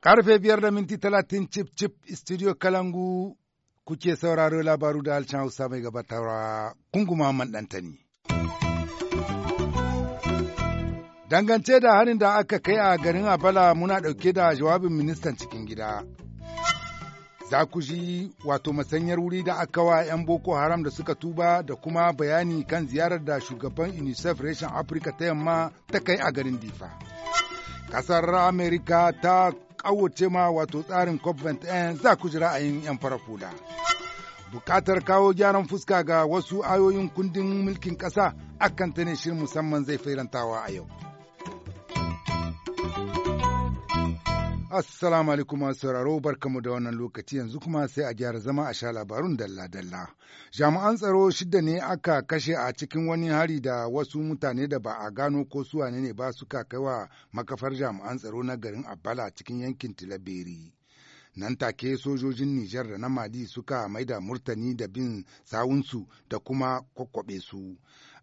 Karfe biyar da minti talatin cip cip studio Kalangu kuke sauraro labaru da alcan Hausa mai gabatarwa kunguma dantani Dangance da harin da aka kai a garin Abala muna ɗauke da jawabin ministan cikin gida. za ku ji wato masanyar wuri da aka wa 'yan boko haram da suka tuba da kuma bayani kan ziyarar da shugaban unicef reshen afirka ta yamma ta kai a garin difa kasar amerika ta kawace ma wato tsarin cop ɗin za ku ji ra'ayin 'yan farafuda bukatar kawo gyaran fuska ga wasu ayoyin kundin mulkin ƙasa akan ta ne shirin musamman zai a yau Assalamu alaikum masu sauraro barkamu da wannan lokaci yanzu kuma sai a gyara zama a sha labarun dalla-dalla. Jami'an tsaro shida ne aka kashe a cikin wani hari da wasu mutane da ba a gano ko su ne ba suka wa makafar jami'an tsaro na garin Abala cikin yankin Tilaberi. Nan take sojojin Nijar da na Mali suka maida murtani da bin sawunsu da kuma kwakwabe su.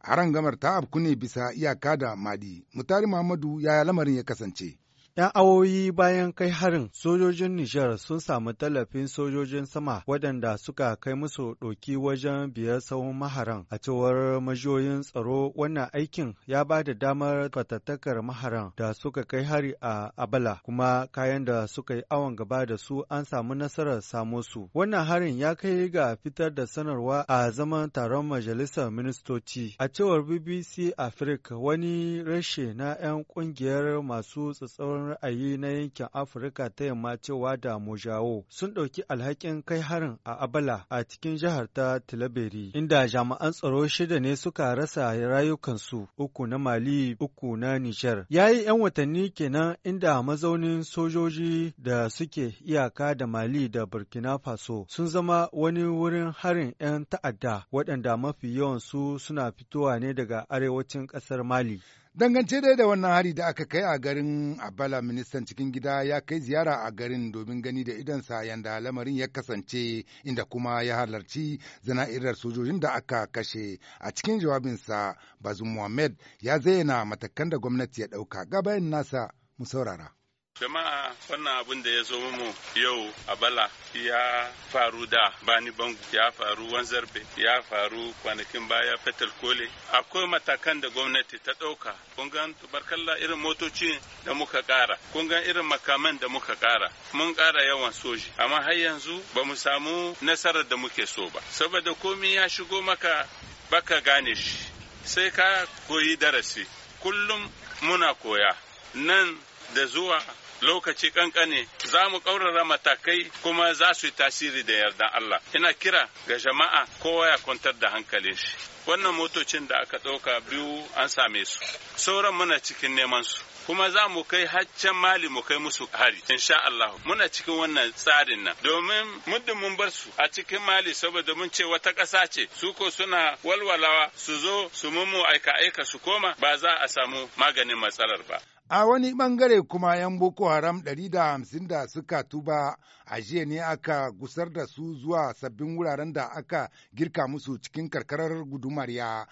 gamar ta afku ne bisa iyaka da Mali. Mutari Muhammadu yaya lamarin ya kasance? ‘Yan awoyi bayan kai harin, sojojin Nijar sun samu tallafin sojojin sama waɗanda suka kai musu ɗoki wajen biyar tsawon maharan. A cewar majiyoyin tsaro wannan aikin ya ba da damar fatattakar maharan da suka kai hari a Abala, kuma kayan da suka yi awon gaba da su an samu nasarar samo su. Wannan harin ya kai ga fitar da sanarwa a zaman taron majalisar ministoci. A cewar BBC Africa wani rashe na ‘yan ƙungiyar masu tsatsauran tsatsauran ra'ayi na yankin Afirka ta yamma cewa da Mojawo sun ɗauki alhakin kai harin a Abala a cikin jihar ta Tilaberi, inda jami'an tsaro shida ne suka rasa rayukansu uku na Mali uku na Nijar. Ya yi 'yan watanni kenan inda mazaunin sojoji da suke iyaka da Mali da Burkina Faso sun zama wani wurin harin 'yan ta'adda waɗanda mafi yawansu suna fitowa ne daga arewacin ƙasar Mali. Dangance dai da wannan hari da aka kai a garin Abala ministan cikin gida ya kai ziyara a garin domin gani da sa yanda lamarin ya kasance inda kuma ya halarci zana'irar sojojin da aka kashe. A cikin jawabinsa Bazum Muhammad ya zayyana matakan da gwamnati ya ɗauka gabayin nasa mu saurara. Jama'a wannan abin da ya zo mu yau a bala ya faru da bani bangu ya faru wanzarbe ya faru kwanakin baya fetal kole akwai matakan da gwamnati ta ɗauka kun tubarkalla irin motoci da muka ƙara kun irin makaman da muka ƙara mun ƙara yawan soji amma har yanzu ba mu samu nasarar da muke so ba saboda komi ya shigo maka baka gane shi sai ka koyi darasi kullum muna koya nan da zuwa lokaci kankane za mu ƙaurara matakai kuma za su yi tasiri da yardan Allah. Ina kira ga jama'a kowa ya kwantar da hankalin shi. Wannan motocin da aka ɗauka biyu an same su, sauran muna cikin neman su. kuma za mu kai haccen mali mu kai musu hari insha Allah muna cikin wannan tsarin nan domin muddin mun bar su a cikin mali saboda mun ce wata ƙasa ce su ko suna walwalawa su zo su mummu aika aika su koma ba za a samu maganin matsalar ba A wani ɓangare kuma ‘yan Boko Haram ɗari da hamsin da suka tuba a jiya ne aka gusar da su zuwa sabbin wuraren da aka girka musu cikin karkarar gudumar ya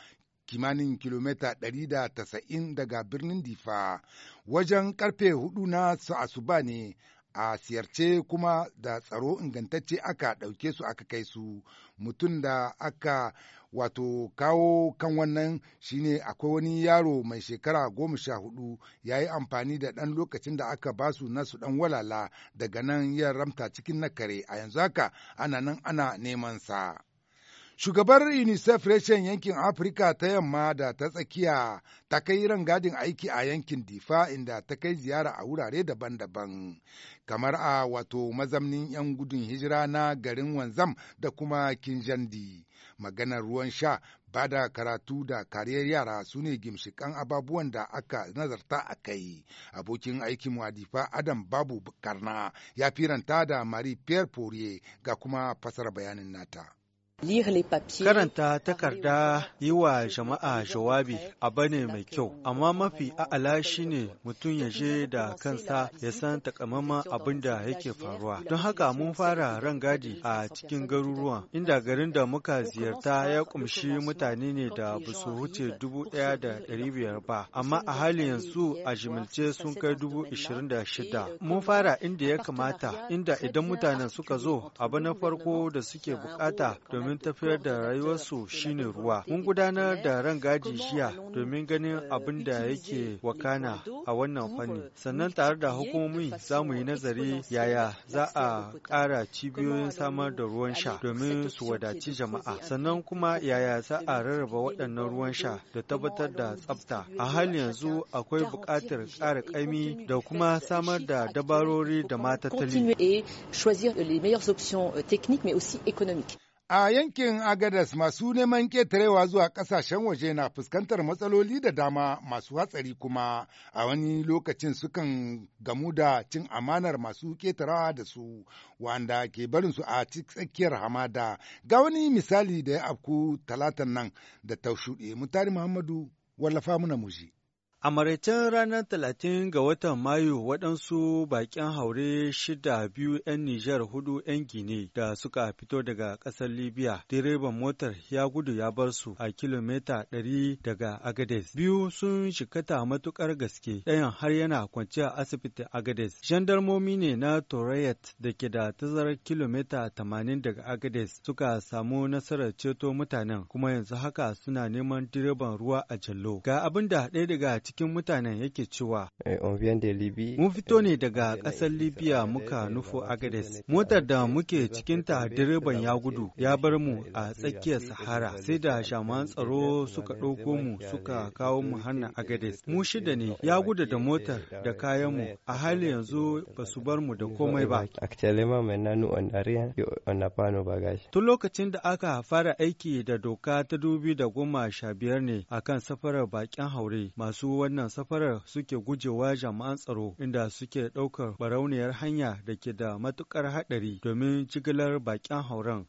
kimanin kilomita ɗari da 190 daga birnin Difa. Wajen karfe hudu na asuba ne a siyarce kuma da tsaro ingantacce aka ɗauke su aka kai su mutum da aka wato kawo kan wannan shine akwai wani yaro mai shekara goma sha hudu ya yi amfani da ɗan lokacin da aka basu na su ɗan walala daga nan ya ramta cikin na kare a yanzu haka ana nan ana neman sa. Shugabar UNICEF reshen yankin Afirka ta yamma da ta tsakiya ta kai rangadin aiki a yankin Difa inda ta kai ziyara a wurare daban-daban, kamar a wato mazamnin 'yan gudun hijira na garin Wanzam da kuma Kinjandi. maganar ruwan sha ba da karatu da kariyar yara su ne gimshikan ababuwan da aka nazarta a kai abokin aikin wadifa adam babu karna ya firanta da marie pierre poirier ga kuma fasar bayanin nata Karanta takarda yi wa jama'a jawabi abu ne mai kyau, amma mafi a'ala shi ne mutum ya je da kansa ya san takamaiman abin da yake faruwa. Don haka mun fara ran gadi a cikin garuruwa, inda garin da muka ziyarta ya kumshi mutane ne da ba su wuce dubu ɗaya da ɗari biyar ba, amma a hali yanzu a jimilce sun kai dubu ishirin da shida. Mun fara inda ya kamata, inda idan mutanen suka zo abu na farko da suke bukata domin domin tafiyar da rayuwarsu shine ruwa. Mun gudanar da rangaji jiya domin ganin abin da yake wakana a wannan fanni. Sannan tare da hukumomi za mu yi nazari yaya za a ƙara cibiyoyin samar da ruwan sha domin su wadaci jama'a. Sannan kuma yaya za a rarraba waɗannan ruwan sha da tabbatar da tsafta. A hali yanzu akwai buƙatar ƙara ƙaimi da kuma samar da dabarori da matattali. Continuer et choisir A yankin Agadas masu neman ƙetarewa zuwa ƙasashen waje na fuskantar matsaloli da dama masu hatsari kuma a wani lokacin sukan gamu da cin amanar masu ƙetarewa da su wanda ke barin su a tsakiyar hamada. Ga wani misali da ya afku talatan nan da taushuɗe mutari Muhammadu wallafa muna muji. A maraicen ranar talatin ga watan Mayu waɗansu baƙin haure shida biyu 'yan Nijar hudu 'yan Gine da suka fito daga ƙasar Libya. Direban motar ya gudu ya bar su a kilomita ɗari daga Agades. Biyu sun shikata matuƙar gaske ɗayan har yana kwanciya a asibiti Agades. Gendarmomi ne na Torayet da ke da tazarar kilomita tamanin daga Agades suka samu nasarar ceto mutanen kuma yanzu haka suna neman direban ruwa a Jallo. Ga abin da ɗaya daga cikin mutanen yake cewa, eh, Mun fito ne daga eh, ƙasar Libya muka nufo Agades. Motar da muke cikinta direban ya gudu ya bar mu a tsakiyar Sahara sai da shaman tsaro suka ɗauko mu suka kawo mu hana Agades. Mu shida ne ya gudu da motar da kayan mu a hali yanzu ba su bar mu da komai ba. Tun lokacin da aka fara aiki da doka ta dubi da goma sha biyar ne akan safarar bakin haure masu wannan safarar suke gujewa jami'an tsaro inda suke ɗaukar barauniyar hanya da ke da matuƙar haɗari domin jigilar baƙin hauren.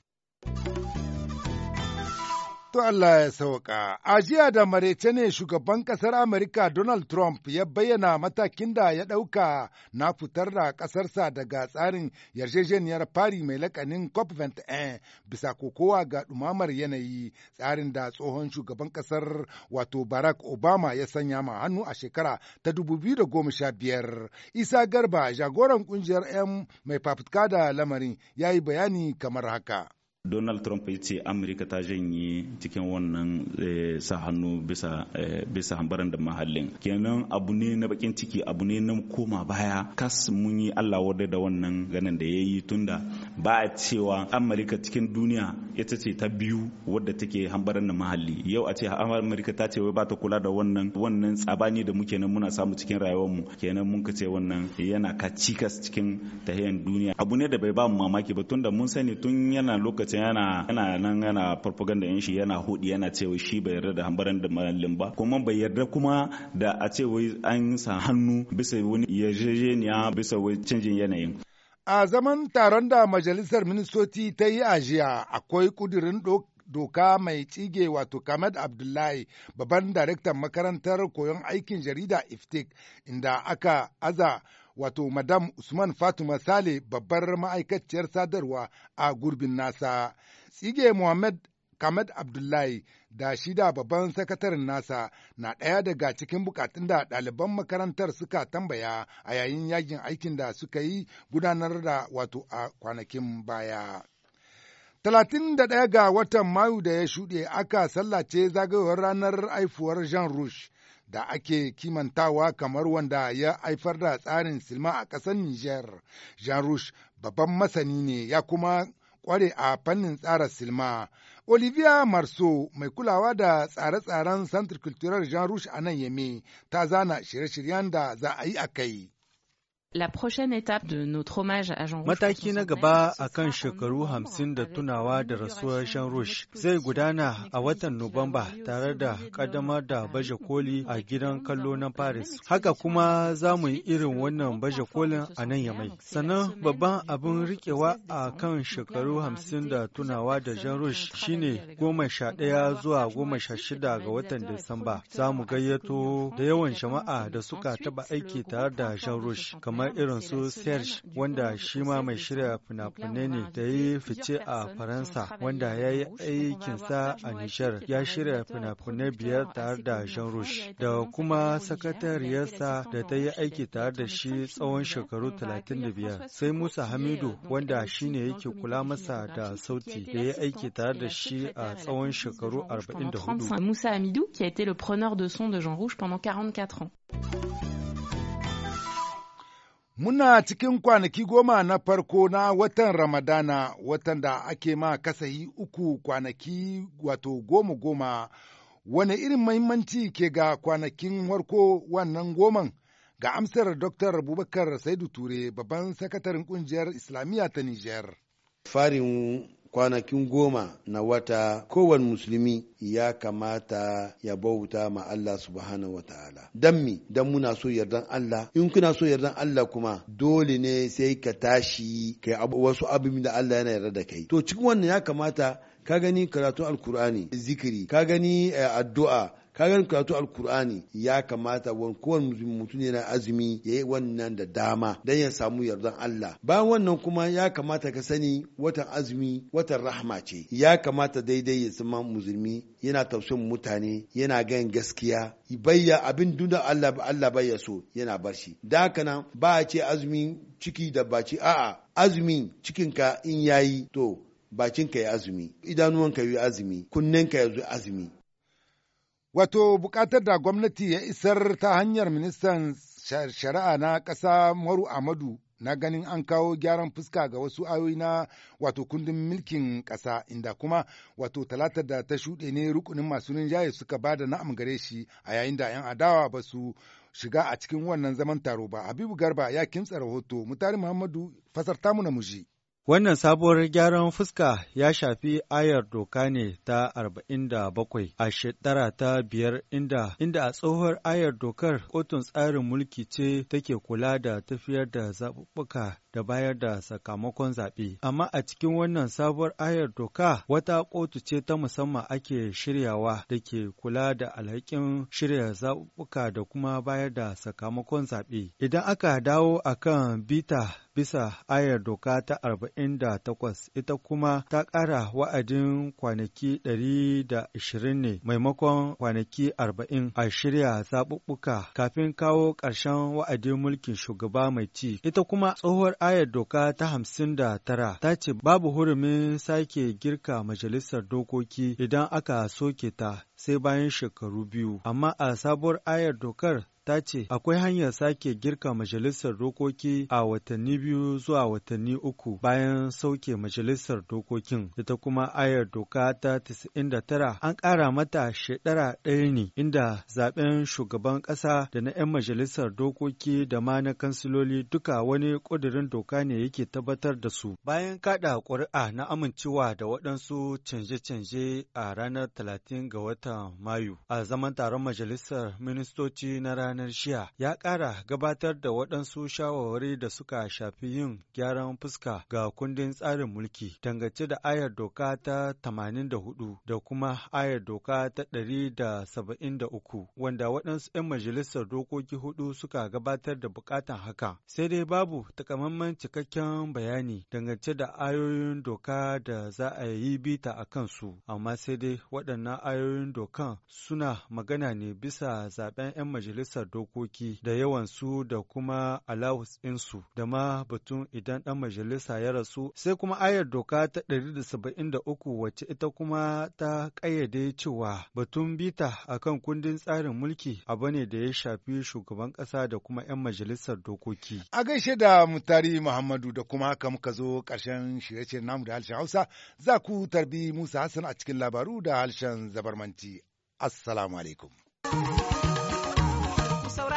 To Allah ya sauka. A jiya da marece ne shugaban ƙasar Amerika Donald Trump ya bayyana matakin da ya ɗauka na fitar da ƙasarsa daga tsarin yarjejeniyar fari mai lakanin COP21 bisa kokowa ga ɗumamar yanayi tsarin da tsohon shugaban ƙasar wato Barack Obama ya sanya ma hannu a shekara ta 2015. Isa Garba jagoran ƙungiyar 'yan mai fafutka da lamarin ya yi bayani kamar haka. donald trump ya ce amurka ta janye cikin wannan eh, sa hannu bisa eh, bisa hambaran da mahallin kenan abu ne na bakin ciki abu ne na koma baya kas mun yi allah wadai da wannan ganin da ya yi tunda ba a cewa amurka cikin duniya ita ce ta biyu wadda take hambaran na mahalli yau a ce amurka ta ce wai ba ta kula da wannan wannan tsabani da muke nan muna samu cikin rayuwar mu kenan mun ka ce wannan yana ka cikas cikin tahiyan duniya abu ne da bai ba mu mamaki ba tunda mun sani tun yana lokacin yana yana nan yana propaganda yan shi yana hudi yana cewa shi bai yarda da hambaran da mahallin ba kuma bai yarda kuma da a ce wai an sa hannu bisa wani yarjejeniya bisa wai canjin yanayin A zaman taron da Majalisar Ministoci ta yi a jiya akwai ƙudurin doka mai tsige wato Kamed Abdullahi babban daraktan makarantar koyon aikin jarida Iftik inda aka aza wato Madam Usman Fatima Sale babbar ma'aikaciyar sadarwa a gurbin nasa. Tsige Muhammad Kamed Abdullahi da shi da babban sakataren nasa na ɗaya daga cikin bukatun da ɗaliban makarantar suka tambaya a yayin yakin aikin da suka yi gudanar da wato a kwanakin baya. Talatin da ɗaya ga watan Mayu da ya shuɗe aka sallace zagayowar ranar haifuwar Jean Rouge da ake kimantawa kamar wanda ya haifar da tsarin silma a ƙasar Niger. Jean Rouge babban masani ne ya kuma ƙware a fannin tsara silma. Olivia Marso, mai kulawa da tsare-tsaren Centre Cultural Jean Rouge a nan Yame ta zana shirye-shiryen da za a yi a kai. Mataki na gaba a kan shekaru hamsin da tunawa da rasuwar Jean Rouge zai gudana a watan Nuwamba tare da kaddamar da baje koli a gidan kallo na Paris. Haka kuma za mu yi irin wannan baje kolin a nan yamai. Sannan babban abin rikewa a kan shekaru hamsin da tunawa da Jean Rouge shine goma sha ɗaya zuwa goma sha shida ga watan Disamba. Za mu gayyato da yawan jama'a da suka taɓa aiki tare da Jean Rouge kamar kamar irin su Serge wanda shi ma mai shirya fina-finai ne da ya fice a Faransa wanda ya yi aikinsa a Nijar ya shirya fina-finai biyar tare da Jean Rouge da kuma sakatariyarsa da ta yi aiki tare da shi tsawon shekaru 35 sai Musa Hamidu wanda shi ne yake kula masa da sauti da ya aiki tare da shi a tsawon shekaru 44. Musa hamidu ki a le preneur de son de Jean Rouge pendant Muna cikin kwanaki goma na farko na watan Ramadana, watan da ake ma kasahi uku kwanaki wato goma goma, wane irin mahimmanci ke ga kwanakin warko wannan goman? Ga amsar Dr. Abubakar Saidu Ture, babban sakataren kungiyar Islamiyya ta Nijar. Farin kwanakin goma na wata kowane musulmi ya kamata ya bauta ma Allah subhanahu wa ta'ala dan mi dan muna so yardan Allah in kuna so yardan Allah kuma dole ne sai ka tashi kai wasu abin da Allah yana yarda da kai to cikin wannan ya kamata ka gani karatun alkur'ani zikiri ka gani eh, addu'a kagan karatu alkur'ani ya kamata wani kowane mutum yana azumi ya yi wannan da dama don ya samu yardan Allah bayan wannan kuma ya kamata ka sani watan azumi watan rahma ce ya kamata daidai ya zama musulmi yana tausayin mutane yana gan gaskiya bayya abin dunda Allah Allah bai so yana barci da haka nan ba a ce azumi ciki da baci a'a azumi cikinka in yayi to bacinka ya azumi idanuwanka yi azumi kunnenka ya zo azumi Wato buƙatar da gwamnati ya isar ta hanyar ministan shari'a na ƙasa Maru Amadu na ganin an kawo gyaran fuska ga wasu ayoyi na wato kundin mulkin ƙasa inda kuma wato talata da ta shuɗe ne rukunin masu rinjaye suka ba da na'am gare shi a yayin da 'yan adawa ba su shiga a cikin wannan zaman taro ba habibu garba ya kimtsa rahoto mutari muhammadu fasarta mu na muji Wannan sabuwar gyaran fuska ya shafi ayar doka ne ta 47 a shekara ta biyar inda inda a tsohuwar ayar dokar kotun tsarin mulki ce take kula da tafiyar da zaɓuɓɓuka da bayar da sakamakon zaɓe. Amma a cikin wannan sabuwar ayar doka wata kotu ce ta musamman ake shiryawa da ke kula da alhakin shirya zaɓuɓɓuka da kuma bayar da sakamakon zaɓe. Idan aka dawo a kan bita bisa ayar doka ta 48 ita kuma ta ƙara wa'adin kwanaki 120 ne maimakon kwanaki 40 a shirya zaɓuɓɓuka kafin kawo ƙarshen wa'adin mulkin shugaba mai ci. Ita kuma tsohuwar ayar doka ta hamsin da tara ta ce babu hurumin sake girka majalisar dokoki idan aka soke ta sai bayan shekaru biyu, amma a sabuwar ayar dokar ta ce akwai hanyar sake girka majalisar dokoki a watanni biyu zuwa watanni uku bayan sauke majalisar dokokin ita kuma ayar doka ta 99 an ƙara mata shekara ɗaya ne inda zaben shugaban ƙasa da na 'yan majalisar dokoki da ma na kansiloli duka wani ƙudurin doka ne yake tabbatar da su bayan kaɗa ƙuri'a na amincewa da waɗansu canje-canje a ranar 30 ga watan mayu a zaman taron majalisar ministoci na ranar ranar jiya ya ƙara gabatar da waɗansu shawarwari da suka shafi yin gyaran fuska ga kundin tsarin mulki dangance da ayar doka ta 84 da kuma ayar doka ta 173 wanda waɗansu 'yan majalisar dokoki hudu suka gabatar da bukatan haka. Sai dai babu takamaiman cikakken bayani dangance da ayoyin doka da za a yi bita a kansu, amma sai dai waɗannan ayoyin dokan suna magana ne bisa zaben 'yan majalisar dokoki da yawansu da kuma alawus ɗinsu da ma batun idan ɗan majalisa ya rasu sai kuma ayar doka ta 173 wacce ita kuma ta ƙayyade cewa batun bita akan kundin tsarin mulki abu ne da ya shafi shugaban ƙasa da kuma 'yan majalisar dokoki. A gaishe da mutari Muhammadu da kuma haka muka zo ƙarshen shirye-shiryen namu da harshen Hausa za ku tarbi Musa Hassan a cikin labaru da harshen zabarmanci. Assalamu alaikum.